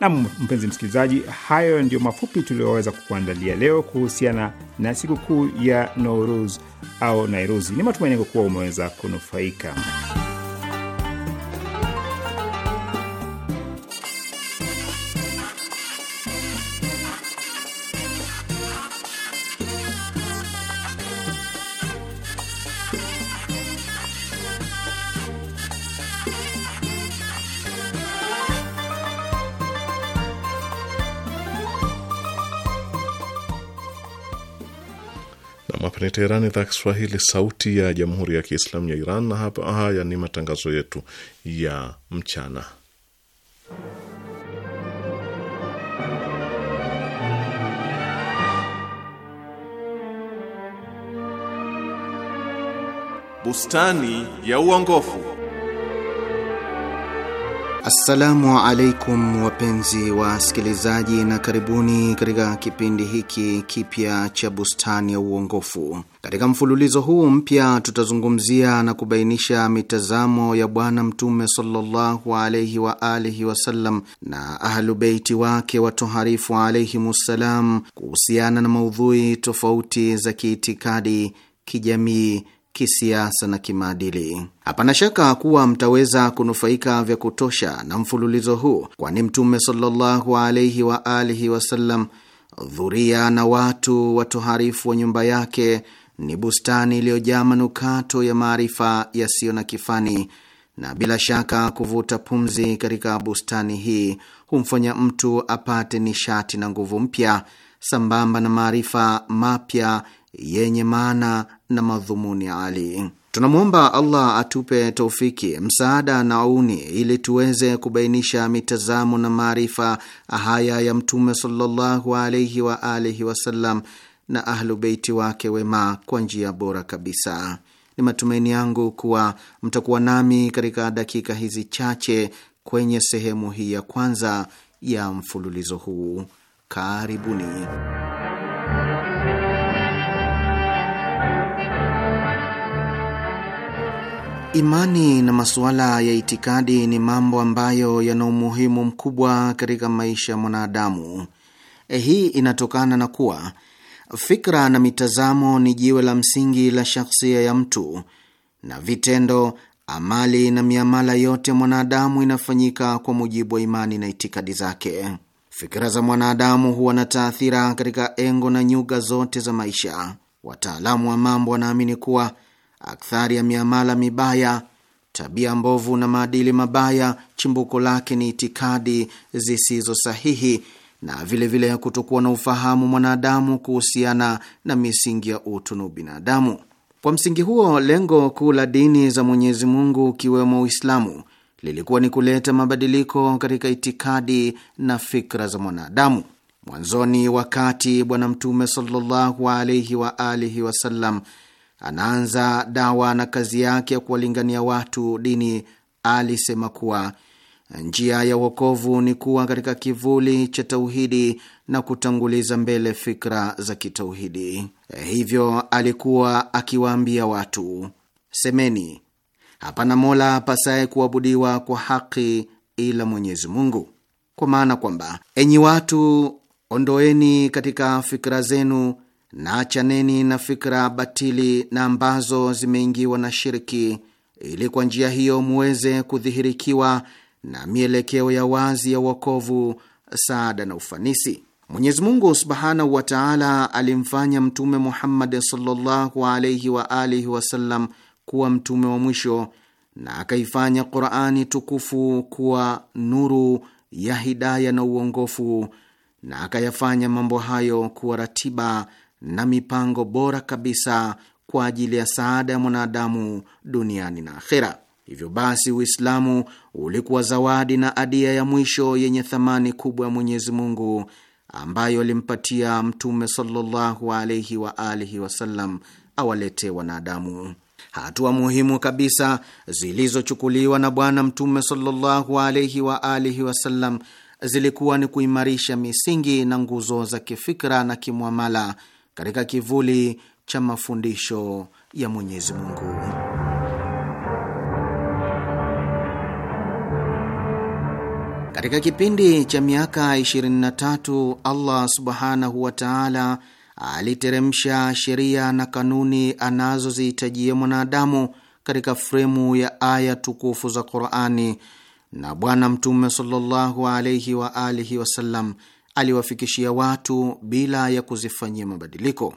nam mpenzi msikilizaji, hayo ndio mafupi tuliyoweza kukuandalia leo kuhusiana na sikukuu ya Nouruz au Nairuzi. Ni matumaini yangu kuwa umeweza kunufaika. ya Teherani, idhaa Kiswahili, sauti ya jamhuri ya kiislamu ya Iran. Na hapa haya ni matangazo yetu ya mchana. Bustani ya Uongofu. Assalamu alaikum wapenzi wa wasikilizaji, na karibuni katika kipindi hiki kipya cha Bustani ya Uongofu. Katika mfululizo huu mpya, tutazungumzia na kubainisha mitazamo ya Bwana Mtume sallallahu alaihi wa alihi wasallam na Ahlubeiti wake watoharifu alaihimussalam kuhusiana na maudhui tofauti za kiitikadi, kijamii kisiasa na kimaadili. Hapana shaka kuwa mtaweza kunufaika vya kutosha na mfululizo huu, kwani Mtume sallallahu alaihi wa alihi wasallam, dhuria na watu watoharifu wa nyumba yake ni bustani iliyojaa manukato ya maarifa yasiyo na kifani, na bila shaka kuvuta pumzi katika bustani hii humfanya mtu apate nishati na nguvu mpya sambamba na maarifa mapya yenye maana na madhumuni ali. Tunamwomba Allah atupe taufiki, msaada na auni ili tuweze kubainisha mitazamo na maarifa haya ya Mtume sallallahu alaihi wa alihi wasallam na Ahlu Beiti wake wema kwa njia bora kabisa. Ni matumaini yangu kuwa mtakuwa nami katika dakika hizi chache kwenye sehemu hii ya kwanza ya mfululizo huu. Karibuni. Imani na masuala ya itikadi ni mambo ambayo yana umuhimu mkubwa katika maisha ya mwanadamu. Eh, hii inatokana na kuwa fikra na mitazamo ni jiwe la msingi la shakhsia ya mtu, na vitendo, amali na miamala yote mwanadamu inafanyika kwa mujibu wa imani na itikadi zake. Fikra za mwanadamu huwa na taathira katika engo na nyuga zote za maisha. Wataalamu wa mambo wanaamini kuwa Akthari ya miamala mibaya, tabia mbovu na maadili mabaya, chimbuko lake ni itikadi zisizo sahihi na vilevile vile ya kutokuwa na ufahamu mwanadamu kuhusiana na misingi ya utu na ubinadamu. Kwa msingi huo, lengo kuu la dini za Mwenyezi Mungu ukiwemo Uislamu lilikuwa ni kuleta mabadiliko katika itikadi na fikra za mwanadamu. Mwanzoni, wakati Bwana Mtume sallallahu alaihi wa alihi wasallam anaanza dawa na kazi yake ya kuwalingania watu dini, alisema kuwa njia ya uokovu ni kuwa katika kivuli cha tauhidi na kutanguliza mbele fikra za kitauhidi. Eh, hivyo alikuwa akiwaambia watu, semeni, hapana mola pasaye kuabudiwa kwa haki ila Mwenyezi Mungu, kwa maana kwamba, enyi watu, ondoeni katika fikra zenu na achaneni na fikra batili na ambazo zimeingiwa na shirki, ili kwa njia hiyo muweze kudhihirikiwa na mielekeo ya wazi ya uokovu, saada na ufanisi. Mwenyezi Mungu subhanahu wa taala alimfanya Mtume Muhammad sallallahu alaihi wa alihi wasallam kuwa mtume wa mwisho na akaifanya Qurani tukufu kuwa nuru ya hidaya na uongofu na akayafanya mambo hayo kuwa ratiba na mipango bora kabisa kwa ajili ya saada ya mwanadamu duniani na akhera. Hivyo basi, Uislamu ulikuwa zawadi na adia ya mwisho yenye thamani kubwa ya Mwenyezi Mungu ambayo alimpatia Mtume sallallahu alaihi wa alihi wasallam awalete wanadamu. Hatua muhimu kabisa zilizochukuliwa na Bwana Mtume sallallahu alaihi wa alihi wasallam zilikuwa ni kuimarisha misingi na nguzo za kifikra na kimwamala katika kivuli cha mafundisho ya Mwenyezi Mungu. Katika kipindi cha miaka 23 Allah subhanahu wa taala aliteremsha sheria na kanuni anazozihitajia mwanadamu katika fremu ya aya tukufu za Qurani, na Bwana Mtume sallallahu alaihi wa alihi wasallam aliwafikishia watu bila ya kuzifanyia mabadiliko.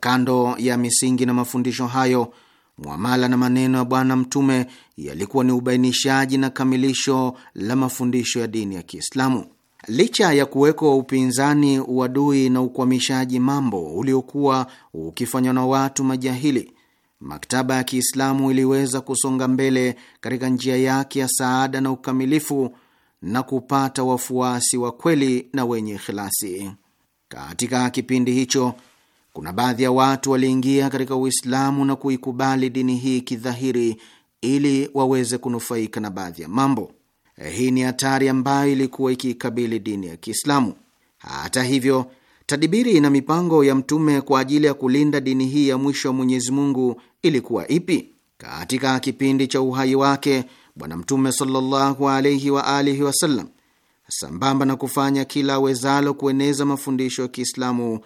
Kando ya misingi na mafundisho hayo, mwamala na maneno ya Bwana Mtume yalikuwa ni ubainishaji na kamilisho la mafundisho ya dini ya Kiislamu. Licha ya kuwekwa upinzani, uadui na ukwamishaji mambo uliokuwa ukifanywa na watu majahili, maktaba ya Kiislamu iliweza kusonga mbele katika njia yake ya saada na ukamilifu na kupata wafuasi wa kweli na wenye ikhlasi. Katika kipindi hicho, kuna baadhi ya watu waliingia katika Uislamu na kuikubali dini hii kidhahiri ili waweze kunufaika na baadhi ya mambo. Hii ni hatari ambayo ilikuwa ikiikabili dini ya Kiislamu. Hata hivyo, tadibiri na mipango ya Mtume kwa ajili ya kulinda dini hii ya mwisho wa Mwenyezi Mungu ilikuwa ipi? Katika kipindi cha uhai wake Bwana Mtume sallallahu alaihi wa alihi wasallam, sambamba na kufanya kila awezalo kueneza mafundisho ya Kiislamu,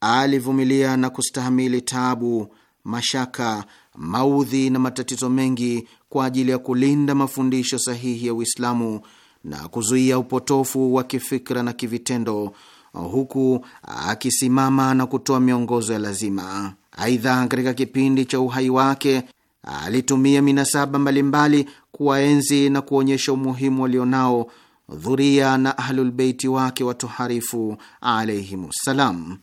alivumilia na kustahamili tabu, mashaka, maudhi na matatizo mengi kwa ajili ya kulinda mafundisho sahihi ya Uislamu na kuzuia upotofu wa kifikra na kivitendo huku akisimama na kutoa miongozo ya lazima. Aidha, katika kipindi cha uhai wake alitumia minasaba mbalimbali kuwaenzi na kuonyesha umuhimu walionao dhuria na Ahlulbeiti wake watoharifu alaihimussalam.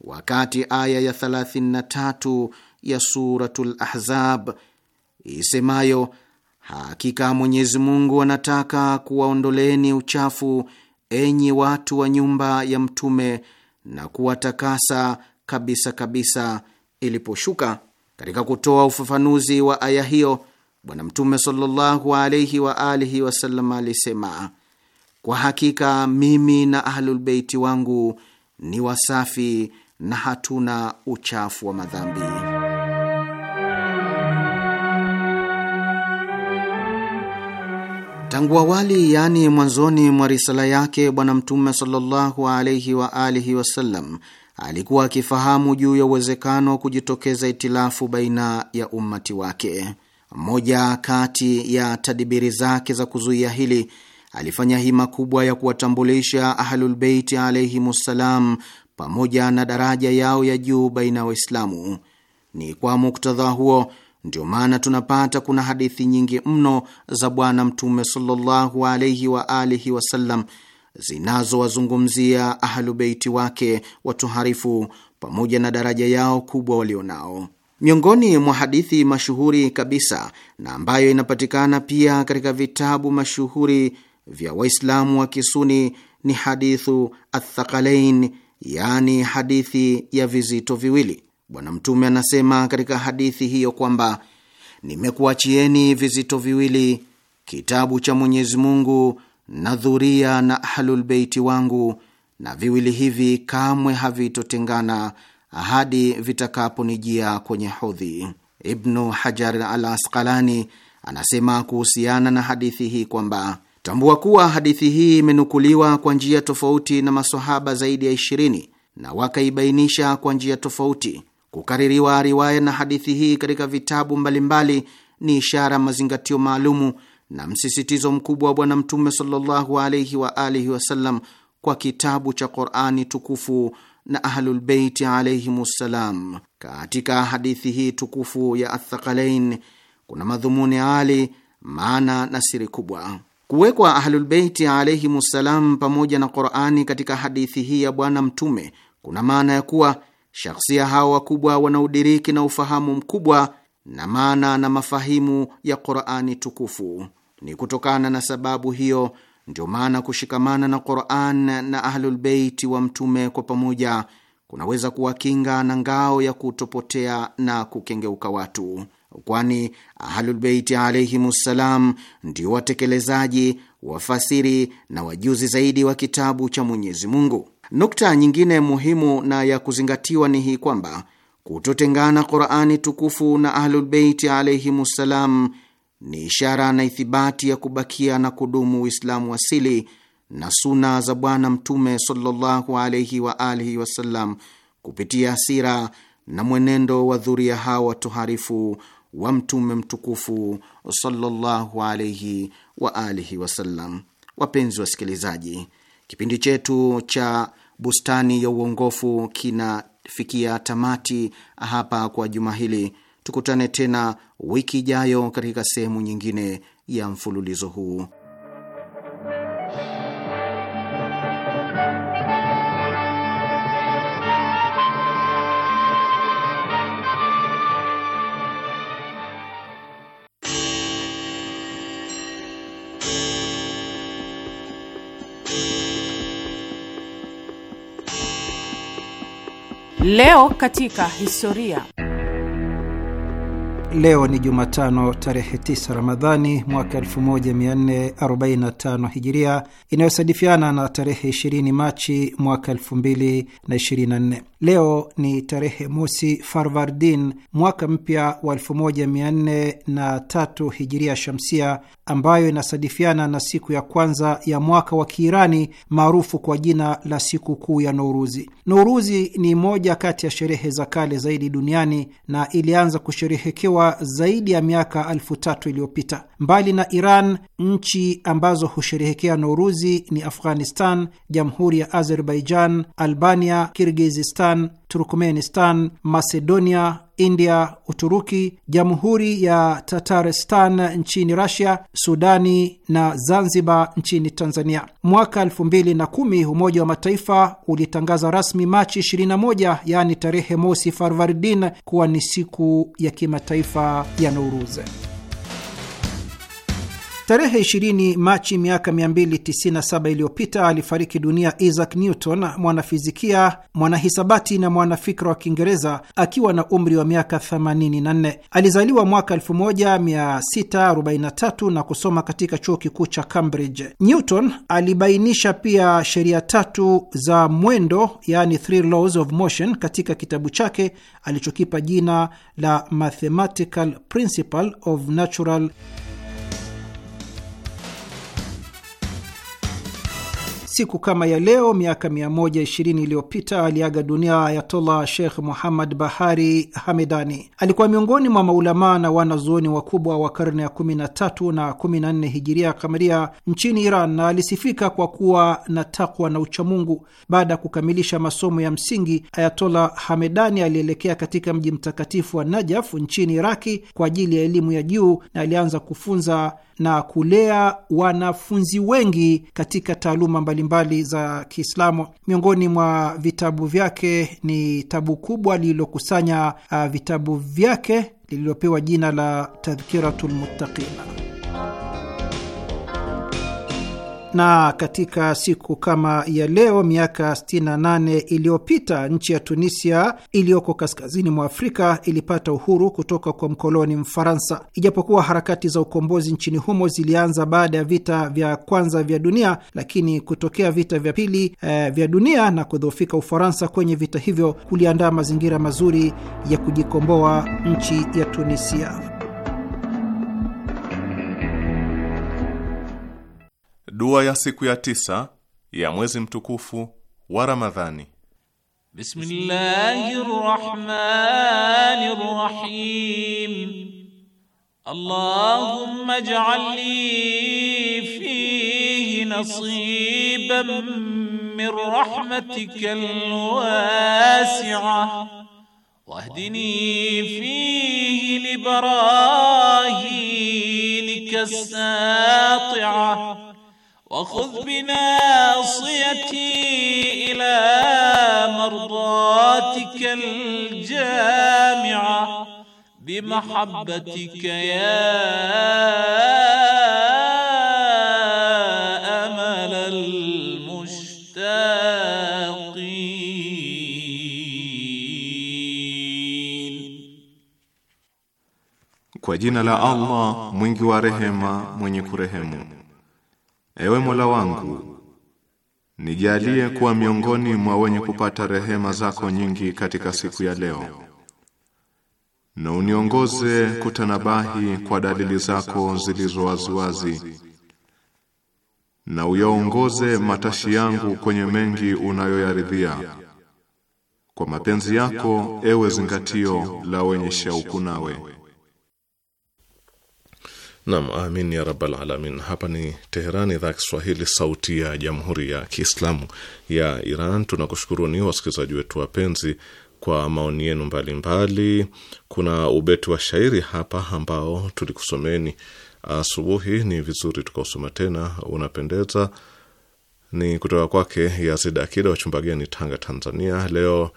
Wakati aya ya 33 ya Suratul Ahzab isemayo hakika Mwenyezi Mungu anataka kuwaondoleeni uchafu enyi watu wa nyumba ya Mtume na kuwatakasa kabisa kabisa iliposhuka, katika kutoa ufafanuzi wa aya hiyo Bwana Mtume sallallahu alaihi wa alihi wasallam alisema, kwa hakika mimi na Ahlulbeiti wangu ni wasafi na hatuna uchafu wa madhambi. Tangu awali, yaani mwanzoni mwa risala yake, Bwana Mtume sallallahu alaihi wa alihi wasallam alikuwa akifahamu juu ya uwezekano wa kujitokeza itilafu baina ya ummati wake. Moja kati ya tadibiri zake za kuzuia hili, alifanya hima kubwa ya kuwatambulisha Ahlulbeiti alaihimussalam pamoja na daraja yao ya juu baina ya Waislamu. Ni kwa muktadha huo ndio maana tunapata kuna hadithi nyingi mno za Bwana Mtume sallallahu alaihi wa alihi wasallam zinazowazungumzia Ahlubeiti wake watoharifu pamoja na daraja yao kubwa walionao. Miongoni mwa hadithi mashuhuri kabisa na ambayo inapatikana pia katika vitabu mashuhuri vya Waislamu wa Kisuni ni hadithu Athakalain, yani hadithi ya vizito viwili. Bwana Mtume anasema katika hadithi hiyo kwamba nimekuachieni vizito viwili, kitabu cha Mwenyezi Mungu na dhuria na Ahlulbeiti wangu, na viwili hivi kamwe havitotengana hadi vitakaponijia kwenye hudhi Ibnu Hajar al Asqalani anasema kuhusiana na hadithi hii kwamba tambua kuwa hadithi hii imenukuliwa kwa njia tofauti na masahaba zaidi ya ishirini na wakaibainisha kwa njia tofauti. Kukaririwa riwaya na hadithi hii katika vitabu mbalimbali ni ishara mazingatio maalumu na msisitizo mkubwa wa Bwana Mtume sallallahu alaihi wa alihi wasallam kwa kitabu cha Qurani tukufu na Ahlulbeiti alaihimussalam. Katika hadithi hii tukufu ya Athaqalain kuna madhumuni ali, maana na siri kubwa. Kuwekwa Ahlulbeiti alaihimussalam pamoja na Qurani katika hadithi hii ya Bwana Mtume kuna maana ya kuwa shakhsia hao wakubwa wana udiriki na ufahamu mkubwa na maana na mafahimu ya Qurani tukufu. Ni kutokana na sababu hiyo ndio maana kushikamana na Quran na Ahlulbeiti wa Mtume kwa pamoja kunaweza kuwakinga na ngao ya kutopotea na kukengeuka watu, kwani Ahlulbeiti alaihimussalam ndio watekelezaji, wafasiri na wajuzi zaidi wa kitabu cha Mwenyezi Mungu. Nukta nyingine muhimu na ya kuzingatiwa ni hii kwamba kutotengana Qurani tukufu na Ahlulbeiti alaihimussalam ni ishara na ithibati ya kubakia na kudumu Uislamu asili na suna za Bwana Mtume sallallahu alaihi wa alihi wasallam kupitia asira na mwenendo wa dhuria hawa watoharifu wa Mtume mtukufu sallallahu alaihi wa alihi wasallam. Wapenzi wasikilizaji, kipindi chetu cha Bustani ya Uongofu kinafikia tamati hapa kwa juma hili. Tukutane tena wiki ijayo katika sehemu nyingine ya mfululizo huu. Leo katika historia. Leo ni Jumatano tarehe 9 Ramadhani mwaka 1445 Hijiria, inayosadifiana na tarehe 20 Machi mwaka 2024. Leo ni tarehe mosi Farvardin mwaka mpya wa 1403 hijiria shamsia, ambayo inasadifiana na siku ya kwanza ya mwaka wa Kiirani maarufu kwa jina la siku kuu ya Nouruzi. Nouruzi ni moja kati ya sherehe za kale zaidi duniani na ilianza kusherehekewa zaidi ya miaka elfu tatu iliyopita. Mbali na Iran, nchi ambazo husherehekea Nouruzi ni Afghanistan, Jamhuri ya Azerbaijan, Albania, Kirgizistan Pakistan, Turkmenistan, Macedonia, India, Uturuki, Jamhuri ya tataristan nchini rasia Sudani na Zanzibar nchini Tanzania. Mwaka 2010 Umoja wa Mataifa ulitangaza rasmi Machi 21, yaani tarehe mosi Farvardin kuwa ni siku ya kimataifa ya Nowruz. Tarehe 20 Machi miaka 297 iliyopita alifariki dunia Isaac Newton, mwanafizikia, mwanahisabati na mwanafikra wa Kiingereza akiwa na umri wa miaka 84. Alizaliwa mwaka 1643 na kusoma katika chuo kikuu cha Cambridge. Newton alibainisha pia sheria tatu za mwendo, yani three laws of motion, katika kitabu chake alichokipa jina la Mathematical Principle of Natural Siku kama ya leo miaka 120 iliyopita aliaga dunia Ayatollah Sheikh Muhammad Bahari Hamedani. Alikuwa miongoni mwa maulamaa na wanazuoni wakubwa wa karne ya 13 na 14 hijiria kamaria nchini Iran, na alisifika kwa kuwa na takwa na uchamungu. Baada ya kukamilisha masomo ya msingi, Ayatollah Hamedani alielekea katika mji mtakatifu wa Najaf nchini Iraki kwa ajili ya elimu ya juu na alianza kufunza na kulea wanafunzi wengi katika taaluma mbalimbali za Kiislamu. Miongoni mwa vitabu vyake ni tabu kubwa lililokusanya uh, vitabu vyake lililopewa jina la Tadhkiratul Muttaqin na katika siku kama ya leo miaka 68 iliyopita nchi ya Tunisia iliyoko kaskazini mwa Afrika ilipata uhuru kutoka kwa mkoloni Mfaransa. Ijapokuwa harakati za ukombozi nchini humo zilianza baada ya vita vya kwanza vya dunia, lakini kutokea vita vya pili eh, vya dunia na kudhoofika Ufaransa kwenye vita hivyo kuliandaa mazingira mazuri ya kujikomboa nchi ya Tunisia. Dua ya siku ya tisa ya mwezi mtukufu wa Ramadhani. Bismillahir Rahmanir Rahim. Allahumma ij'al fihi nasiban min rahmatikal wasi'ah wahdini fihi li barahinika as-sati'ah وخذ بناصيتي إلى مرضاتك الجامعة بمحبتك يا أمل المشتاقين Kwa jina la Allah mwingi wa rehema mwenye kurehemu Ewe Mola wangu, nijalie kuwa miongoni mwa wenye kupata rehema zako nyingi katika siku ya leo, na uniongoze kutanabahi kwa dalili zako zilizo waziwazi, na uyaongoze matashi yangu kwenye mengi unayoyaridhia kwa mapenzi yako, ewe zingatio la wenye shauku nawe. Nam, amin ya rabbal alamin. Hapa ni Teherani, idhaa Kiswahili, sauti ya jamhuri ya kiislamu ya Iran. Tunakushukuruni wasikilizaji wetu wapenzi kwa maoni yenu mbalimbali. Kuna ubeti wa shairi hapa ambao tulikusomeni asubuhi, ni vizuri tukausoma tena, unapendeza. Ni kutoka kwake Yazid Akida Wachumbageni, Tanga, Tanzania. Leo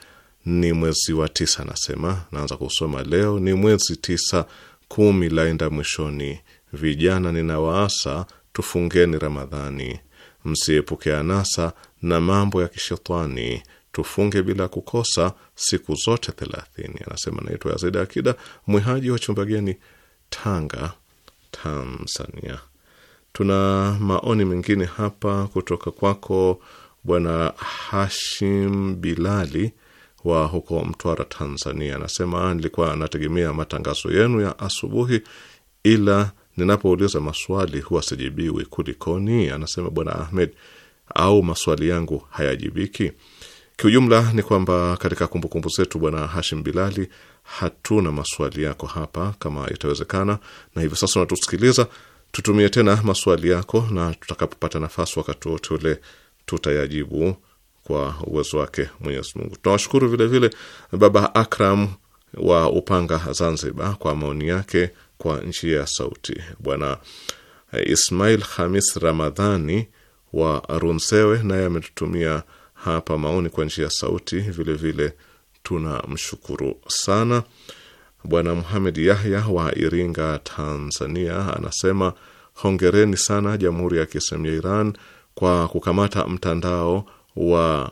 ni mwezi wa tisa, anasema naanza kusoma leo ni mwezi tisa, kumi laenda mwishoni Vijana ninawaasa tufungeni Ramadhani, msiepuke anasa na mambo ya kishetani, tufunge bila kukosa siku zote thelathini. Anasema, naitwa Yazid Akida, mwihaji wa Chumbageni, Tanga, Tanzania. Tuna maoni mengine hapa kutoka kwako Bwana Hashim Bilali wa huko Mtwara, Tanzania. Anasema, nilikuwa anategemea matangazo yenu ya asubuhi, ila Ninapouliza maswali huwa sijibiwi, kulikoni? Anasema bwana Ahmed, au maswali yangu hayajibiki? Kiujumla ni kwamba katika kumbukumbu zetu, bwana Hashim Bilali, hatuna maswali yako hapa kama itawezekana, na hivyo sasa unatusikiliza, tutumie tena maswali yako, na tutakapopata nafasi wakati wote ule tutayajibu kwa uwezo wake Mwenyezi Mungu. Tunawashukuru vilevile Baba Akram wa Upanga, Zanzibar, kwa maoni yake kwa njia ya sauti. Bwana eh, Ismail Hamis Ramadhani wa runsewe naye ametutumia hapa maoni kwa njia ya sauti vilevile. Tunamshukuru sana. Bwana Muhamed Yahya wa Iringa, Tanzania, anasema hongereni sana Jamhuri ya Kiislamu ya Iran kwa kukamata mtandao wa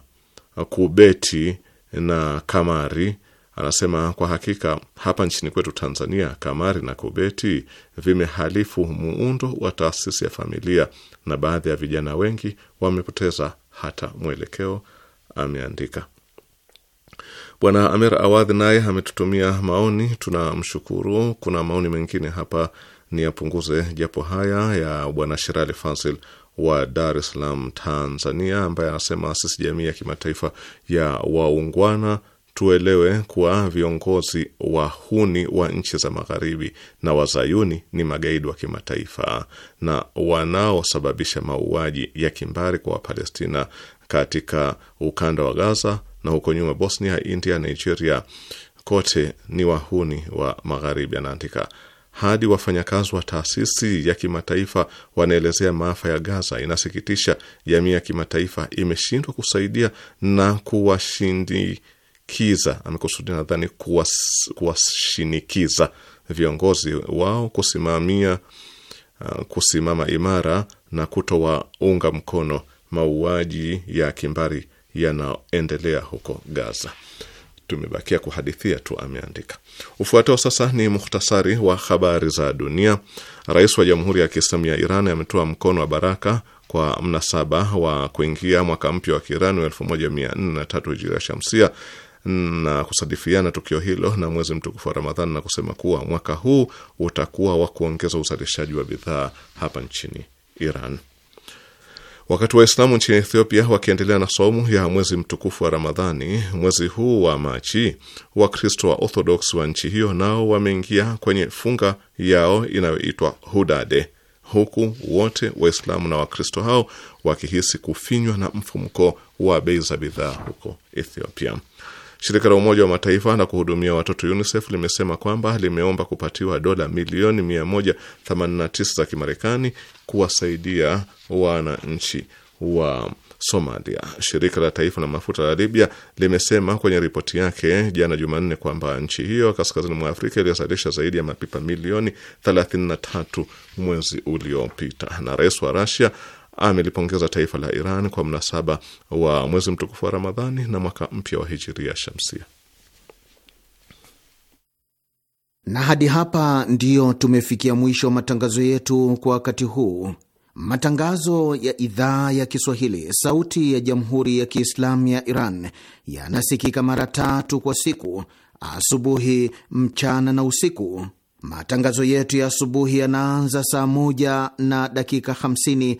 kubeti na kamari Anasema kwa hakika hapa nchini kwetu Tanzania, kamari na kubeti vimehalifu muundo wa taasisi ya familia na baadhi ya vijana wengi wamepoteza hata mwelekeo, ameandika. Bwana Amir Awadhi naye ametutumia maoni, tunamshukuru. Kuna maoni mengine hapa ni yapunguze japo haya ya Bwana Shirali Fazil wa Dar es Salaam, Tanzania, ambaye anasema sisi jamii ya kimataifa ya waungwana tuelewe kuwa viongozi wahuni wa nchi za Magharibi na wazayuni ni magaidi wa kimataifa na wanaosababisha mauaji ya kimbari kwa Wapalestina katika ukanda wa Gaza na huko nyuma Bosnia, India, Nigeria, kote ni wahuni wa Magharibi, anaandika. Hadi wafanyakazi wa taasisi ya kimataifa wanaelezea maafa ya Gaza. Inasikitisha, jamii ya kimataifa imeshindwa kusaidia na kuwashindi kuwashinikiza, amekusudia nadhani kuwashinikiza viongozi wao kusimamia uh, kusimama imara na kutowaunga mkono mauaji ya kimbari yanayoendelea huko Gaza. Tumebakia kuhadithia tu, ameandika. Ufuatao sasa ni muhtasari wa habari za dunia. Rais wa Jamhuri ya Kiislamu ya Iran ametoa mkono wa baraka kwa mnasaba wa kuingia mwaka mpya wa Kiirani wa 1443 hijria shamsia na kusadifiana tukio hilo na mwezi mtukufu wa Ramadhani na kusema kuwa mwaka huu utakuwa wa kuongeza uzalishaji wa bidhaa hapa nchini Iran. Wakati Waislamu nchini Ethiopia wakiendelea na somu ya mwezi mtukufu wa Ramadhani mwezi huu wa Machi, Wakristo wa Orthodox wa nchi hiyo nao wameingia kwenye funga yao inayoitwa Hudade, huku wote Waislamu na Wakristo hao wakihisi kufinywa na mfumko wa bei za bidhaa huko Ethiopia. Shirika la Umoja wa Mataifa la kuhudumia watoto UNICEF limesema kwamba limeomba kupatiwa dola milioni 189 za Kimarekani kuwasaidia wananchi wa Somalia. Shirika la taifa la mafuta la Libya limesema kwenye ripoti yake jana Jumanne kwamba nchi hiyo kaskazini mwa Afrika iliyozalisha zaidi ya mapipa milioni 33 mwezi uliopita. Na rais wa Russia amelipongeza taifa la Iran kwa mnasaba wa mwezi mtukufu wa Ramadhani na mwaka mpya wa hijiria shamsia. Na hadi hapa ndiyo tumefikia mwisho wa matangazo yetu kwa wakati huu. Matangazo ya idhaa ya Kiswahili sauti ya jamhuri ya Kiislamu ya Iran yanasikika mara tatu kwa siku: asubuhi, mchana na usiku. Matangazo yetu ya asubuhi yanaanza saa moja na dakika hamsini